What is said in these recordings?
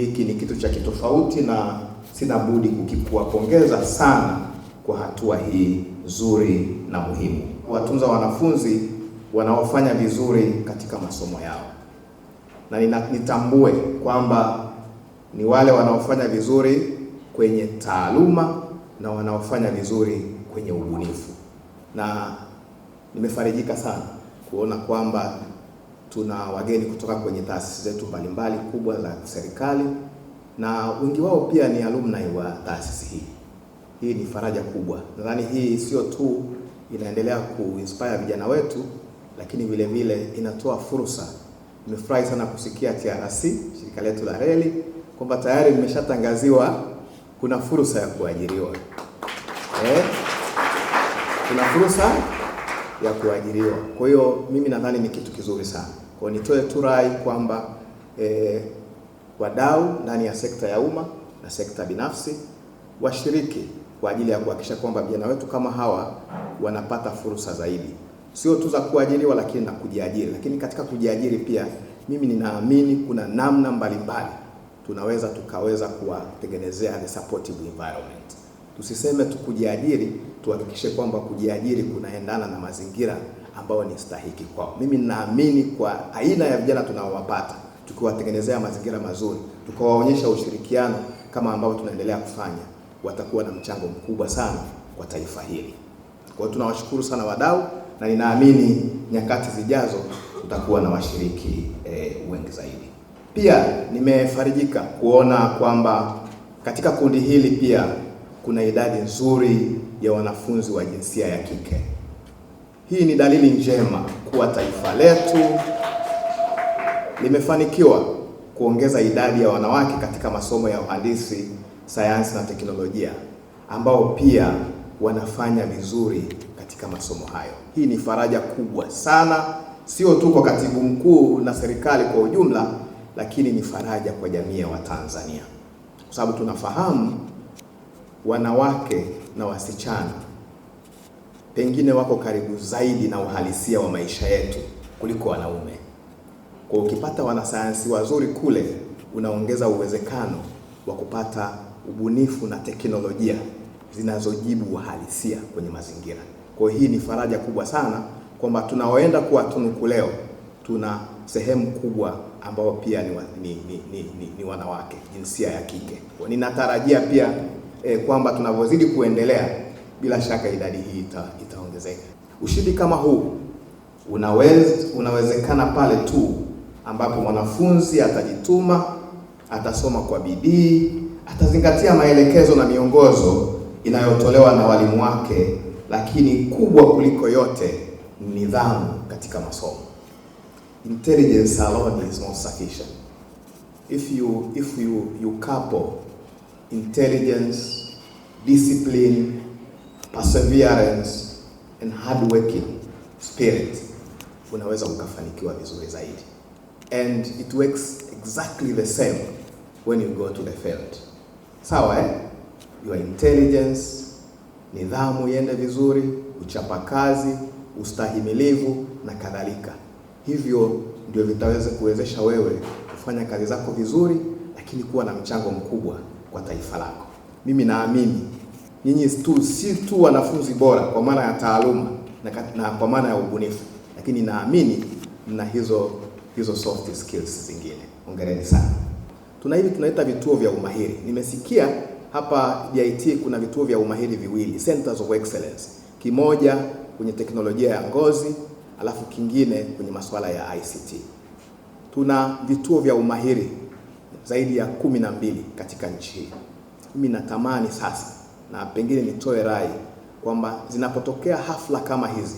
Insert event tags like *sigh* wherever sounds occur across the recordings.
hiki ni kitu cha kitofauti na sina budi kukipongeza sana kwa hatua hii nzuri na muhimu. Watunza wanafunzi wanaofanya vizuri katika masomo yao, na nitambue kwamba ni wale wanaofanya vizuri kwenye taaluma na wanaofanya vizuri kwenye ubunifu, na nimefarijika sana kuona kwamba tuna wageni kutoka kwenye taasisi zetu mbalimbali kubwa za serikali na wengi wao pia ni alumni wa taasisi hii. Hii ni faraja kubwa. Nadhani hii sio tu inaendelea kuinspire vijana wetu, lakini vile vile inatoa fursa. Nimefurahi sana kusikia TRC, shirika letu la reli, kwamba tayari mmeshatangaziwa kuna fursa ya kuajiriwa eh, kuna fursa ya kuajiriwa. Kwa hiyo mimi nadhani ni kitu kizuri sana. Kwa nitoe tu rai kwamba eh, wadau ndani ya sekta ya umma na sekta binafsi washiriki kwa ajili ya kuhakikisha kwamba vijana wetu kama hawa wanapata fursa zaidi, sio tu za kuajiriwa, lakini na kujiajiri. Lakini katika kujiajiri pia, mimi ninaamini kuna namna mbalimbali tunaweza tukaweza kuwatengenezea the supportive environment. Tusiseme tu kujiajiri tuhakikishe kwamba kujiajiri kunaendana na mazingira ambayo ni stahiki kwao. Mimi ninaamini kwa aina ya vijana tunaowapata, tukiwatengenezea mazingira mazuri, tukawaonyesha ushirikiano kama ambavyo tunaendelea kufanya, watakuwa na mchango mkubwa sana kwa taifa hili. Kwa hiyo tunawashukuru sana wadau, na ninaamini nyakati zijazo tutakuwa na washiriki e, wengi zaidi. Pia nimefarijika kuona kwamba katika kundi hili pia kuna idadi nzuri ya wanafunzi wa jinsia ya kike. Hii ni dalili njema kuwa taifa letu limefanikiwa kuongeza idadi ya wanawake katika masomo ya uhandisi, sayansi na teknolojia ambao pia wanafanya vizuri katika masomo hayo. Hii ni faraja kubwa sana, sio tu kwa katibu mkuu na serikali kwa ujumla, lakini ni faraja kwa jamii ya Watanzania kwa sababu tunafahamu wanawake na wasichana pengine wako karibu zaidi na uhalisia wa maisha yetu kuliko wanaume. Kwa ukipata wanasayansi wazuri kule, unaongeza uwezekano wa kupata ubunifu na teknolojia zinazojibu uhalisia kwenye mazingira. Kwa hii ni faraja kubwa sana kwamba tunaoenda tunuku leo tuna sehemu kubwa ambao pia ni, wa, ni, ni, ni, ni, ni wanawake jinsia ya kike. Ninatarajia pia eh, kwamba tunavyozidi kuendelea, bila shaka idadi hii ita, itaongezeka. Ushindi kama huu unaweza unawezekana pale tu ambapo mwanafunzi atajituma, atasoma kwa bidii, atazingatia maelekezo na miongozo inayotolewa na walimu wake, lakini kubwa kuliko yote nidhamu katika masomo. Intelligence alone is not sufficient. If you, if you, you couple intelligence, discipline, perseverance and hardworking spirit, unaweza ukafanikiwa vizuri zaidi. And it works exactly the same when you go to the field. Sawa eh? Your intelligence, nidhamu iende vizuri, uchapa kazi ustahimilivu na kadhalika. Hivyo ndio vitaweza kuwezesha wewe kufanya kazi zako vizuri, lakini kuwa na mchango mkubwa kwa taifa lako. Mimi naamini nyinyi tu si tu wanafunzi bora kwa maana ya taaluma na, na kwa maana ya ubunifu, lakini naamini mna hizo hizo soft skills zingine. Hongereni sana. Tuna hivi tunaita vituo vya umahiri. Nimesikia hapa DIT kuna vituo vya umahiri viwili, centers of excellence, kimoja kwenye teknolojia ya ngozi alafu kingine kwenye masuala ya ICT. Tuna vituo vya umahiri zaidi ya kumi na mbili katika nchi hii. Mimi natamani sasa, na pengine nitoe rai kwamba zinapotokea hafla kama hizi,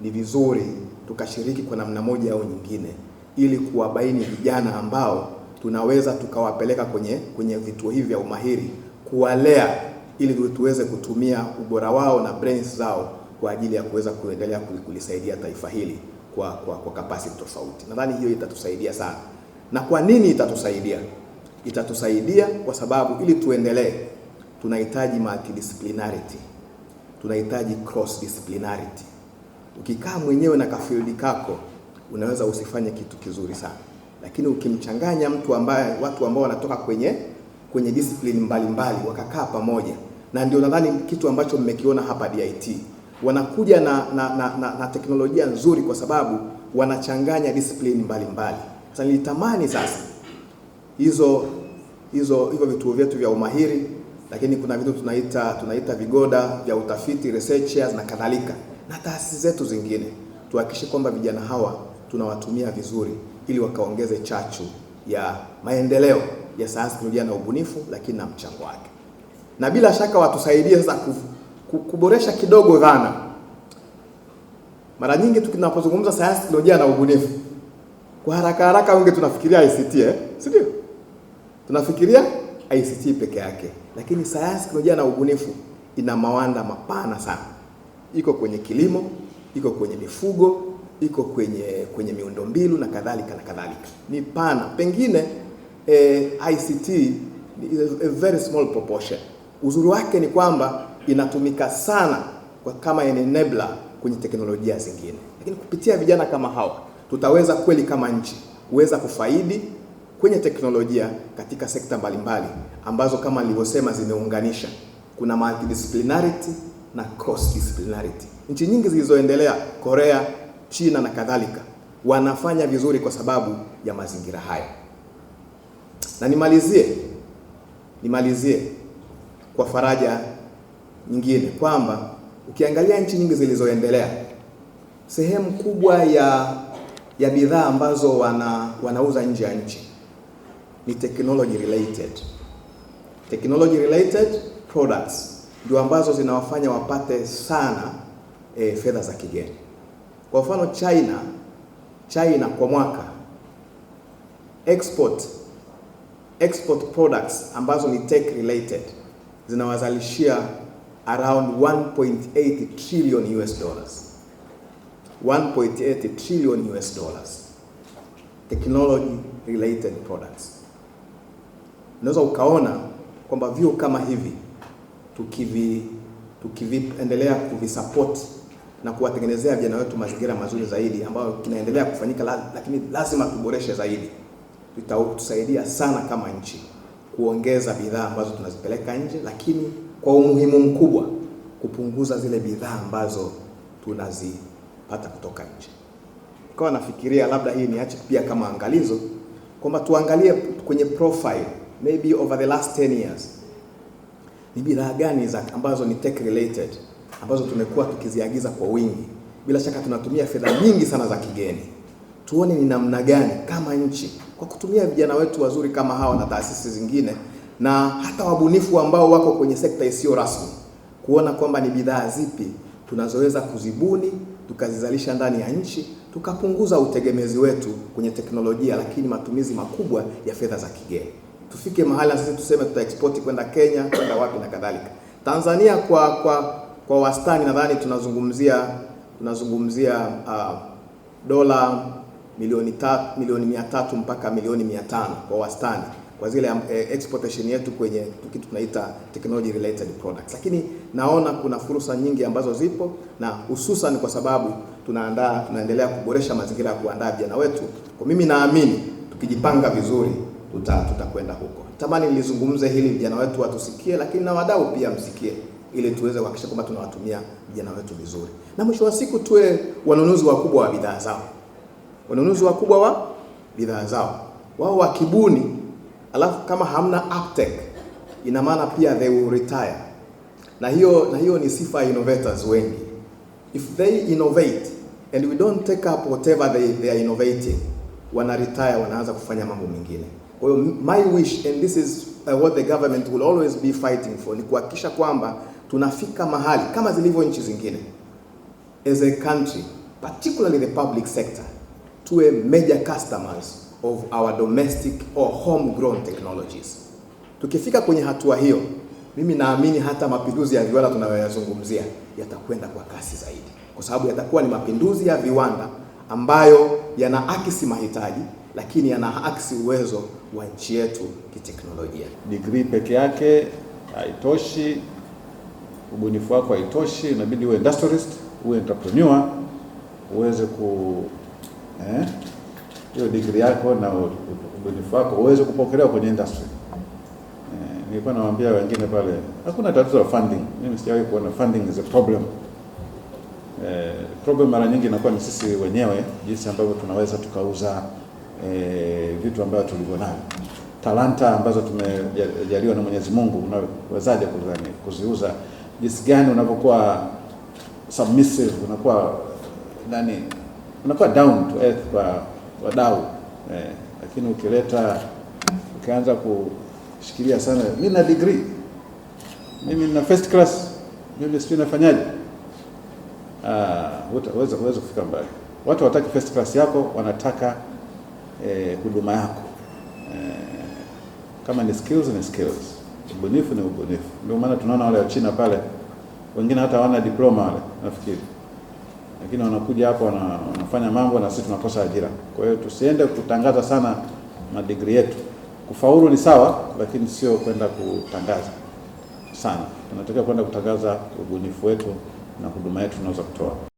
ni vizuri tukashiriki kwa namna moja au nyingine, ili kuwabaini vijana ambao tunaweza tukawapeleka kwenye kwenye vituo hivi vya umahiri, kuwalea ili tuweze kutumia ubora wao na brains zao kwa ajili ya kuweza kuendelea kulisaidia taifa hili kwa kwa, kwa kapasiti tofauti. Nadhani hiyo itatusaidia sana. Na kwa nini itatusaidia? Itatusaidia kwa sababu ili tuendelee, tunahitaji multidisciplinarity, tunahitaji cross disciplinarity. Ukikaa mwenyewe na kafildi kako unaweza usifanye kitu kizuri sana, lakini ukimchanganya mtu ambaye watu ambao wanatoka kwenye kwenye discipline mbalimbali wakakaa pamoja, na ndio nadhani kitu ambacho mmekiona hapa DIT wanakuja na, na, na, na, na teknolojia nzuri kwa sababu wanachanganya discipline mbalimbali. Sasa nilitamani sasa hizo hizo hivyo vituo vyetu vya umahiri, lakini kuna vitu tunaita tunaita vigoda vya utafiti researchers na kadhalika, na taasisi zetu zingine, tuhakikishe kwamba vijana hawa tunawatumia vizuri, ili wakaongeze chachu ya maendeleo ya sayansi, teknolojia na ubunifu, lakini na mchango wake, na bila shaka watusaidie sasa kuboresha kidogo dhana. Mara nyingi tukinapozungumza sayansi, teknolojia na ubunifu kwa haraka haraka wengi tunafikiria ICT eh? Si ndio? Tunafikiria ICT peke yake, lakini sayansi, teknolojia na ubunifu ina mawanda mapana sana. Iko kwenye kilimo, iko kwenye mifugo, iko kwenye kwenye miundombinu na kadhalika na kadhalika. Ni pana, pengine eh, ICT is a very small proportion. Uzuri wake ni kwamba inatumika sana kwa kama enabler kwenye teknolojia zingine, lakini kupitia vijana kama hawa tutaweza kweli kama nchi kuweza kufaidi kwenye teknolojia katika sekta mbalimbali ambazo kama nilivyosema zimeunganisha, kuna multidisciplinarity na cross disciplinarity. Nchi nyingi zilizoendelea, Korea, China na kadhalika, wanafanya vizuri kwa sababu ya mazingira haya. Na nimalizie nimalizie kwa faraja nyingine kwamba ukiangalia nchi nyingi zilizoendelea, sehemu kubwa ya ya bidhaa ambazo wana, wanauza nje ya nchi ni technology related. Technology related products ndio ambazo zinawafanya wapate sana e, fedha za kigeni. Kwa mfano China, China kwa mwaka export export products ambazo ni tech related zinawazalishia around 1.8 trillion US dollars. 1.8 trillion US dollars technology related products. Unaweza ukaona kwamba vyuo kama hivi tukivi tukiviendelea kuvisupport na kuwatengenezea vijana wetu mazingira mazuri zaidi, ambayo kinaendelea kufanyika, lakini lazima tuboreshe zaidi, tutatusaidia sana kama nchi kuongeza bidhaa ambazo tunazipeleka nje, lakini kwa umuhimu mkubwa kupunguza zile bidhaa ambazo tunazi hata kutoka nje. Nikawa nafikiria labda hii niache pia kama angalizo kwamba tuangalie kwenye profile maybe over the last 10 years ni bidhaa gani za ambazo ni tech related ambazo tumekuwa tukiziagiza kwa wingi. Bila shaka tunatumia fedha nyingi sana za kigeni. Tuone ni namna gani kama nchi kwa kutumia vijana wetu wazuri kama hawa na taasisi zingine na hata wabunifu ambao wako kwenye sekta isiyo rasmi kuona kwamba ni bidhaa zipi tunazoweza kuzibuni tukazizalisha ndani ya nchi, tukapunguza utegemezi wetu kwenye teknolojia, lakini matumizi makubwa ya fedha za kigeni. Tufike mahali na sisi tuseme tuta export kwenda Kenya, *clears throat* kwenda wapi na kadhalika. Tanzania kwa kwa kwa wastani nadhani tunazungumzia tunazungumzia uh, dola milioni tatu, milioni mia tatu mpaka milioni mia tano kwa wastani kwa zile eh, exportation yetu kwenye kitu tunaita technology related products, lakini naona kuna fursa nyingi ambazo zipo na hususan kwa sababu tunaandaa tunaendelea kuboresha mazingira ya kuandaa vijana wetu. Kwa mimi naamini tukijipanga vizuri tuta tutakwenda huko. Tamani nilizungumze hili, vijana wetu watusikie, lakini na wadau pia msikie, ili tuweze kuhakikisha kwamba tunawatumia vijana wetu vizuri, na mwisho wa siku tuwe wanunuzi wakubwa wa bidhaa zao, wanunuzi wakubwa wa bidhaa zao, wao wakibuni alafu kama hamna uptake ina maana pia they will retire, na hiyo na hiyo ni sifa ya innovators wengi. If they innovate and we don't take up whatever they, they are innovating, wana retire, wanaanza kufanya mambo mengine. Kwa hiyo my wish and this is uh, what the government will always be fighting for ni kuhakikisha kwamba tunafika mahali kama zilivyo nchi zingine, as a country particularly the public sector, tuwe major customers of our domestic or homegrown technologies. Tukifika kwenye hatua hiyo, mimi naamini hata mapinduzi ya viwanda tunayoyazungumzia yatakwenda kwa kasi zaidi, kwa sababu yatakuwa ni mapinduzi ya viwanda ambayo yanaakisi mahitaji lakini yanaakisi uwezo wa nchi yetu kiteknolojia. Degree peke yake haitoshi, ubunifu wako haitoshi, inabidi uwe industrialist, uwe entrepreneur, uweze ku eh? hiyo digri yako na ubunifu wako uweze kupokelewa kwenye industry. Eh, nilikuwa nawaambia wengine pale, hakuna tatizo la funding. Mimi sijawahi kuona funding is a problem. E, problem mara nyingi inakuwa ni sisi wenyewe, jinsi ambavyo tunaweza tukauza e, vitu ambavyo tulivyonavyo, talanta ambazo tumejaliwa na Mwenyezi Mungu, unawezaje kuzani kuziuza? Jinsi gani unapokuwa submissive, unakuwa nani, unakuwa down to earth kwa wadau eh, lakini ukileta ukianza kushikilia sana, mi na degree mimi na first class mimi sijui nafanyaje, ah, huwezi ah, kufika mbali. Watu wataki first class yako, wanataka eh, huduma yako eh, kama ni skills ni skills, ubunifu ni ubunifu. Ndio maana tunaona wale Wachina pale wengine hata hawana diploma wale, nafikiri lakini wanakuja hapa wana, wanafanya mambo na sisi tunakosa ajira. Kwa hiyo tusiende kutangaza sana madigri yetu. Kufaulu ni sawa, lakini sio kwenda kutangaza sana. Tunatakiwa kwenda kutangaza ubunifu wetu na huduma yetu tunaweza kutoa.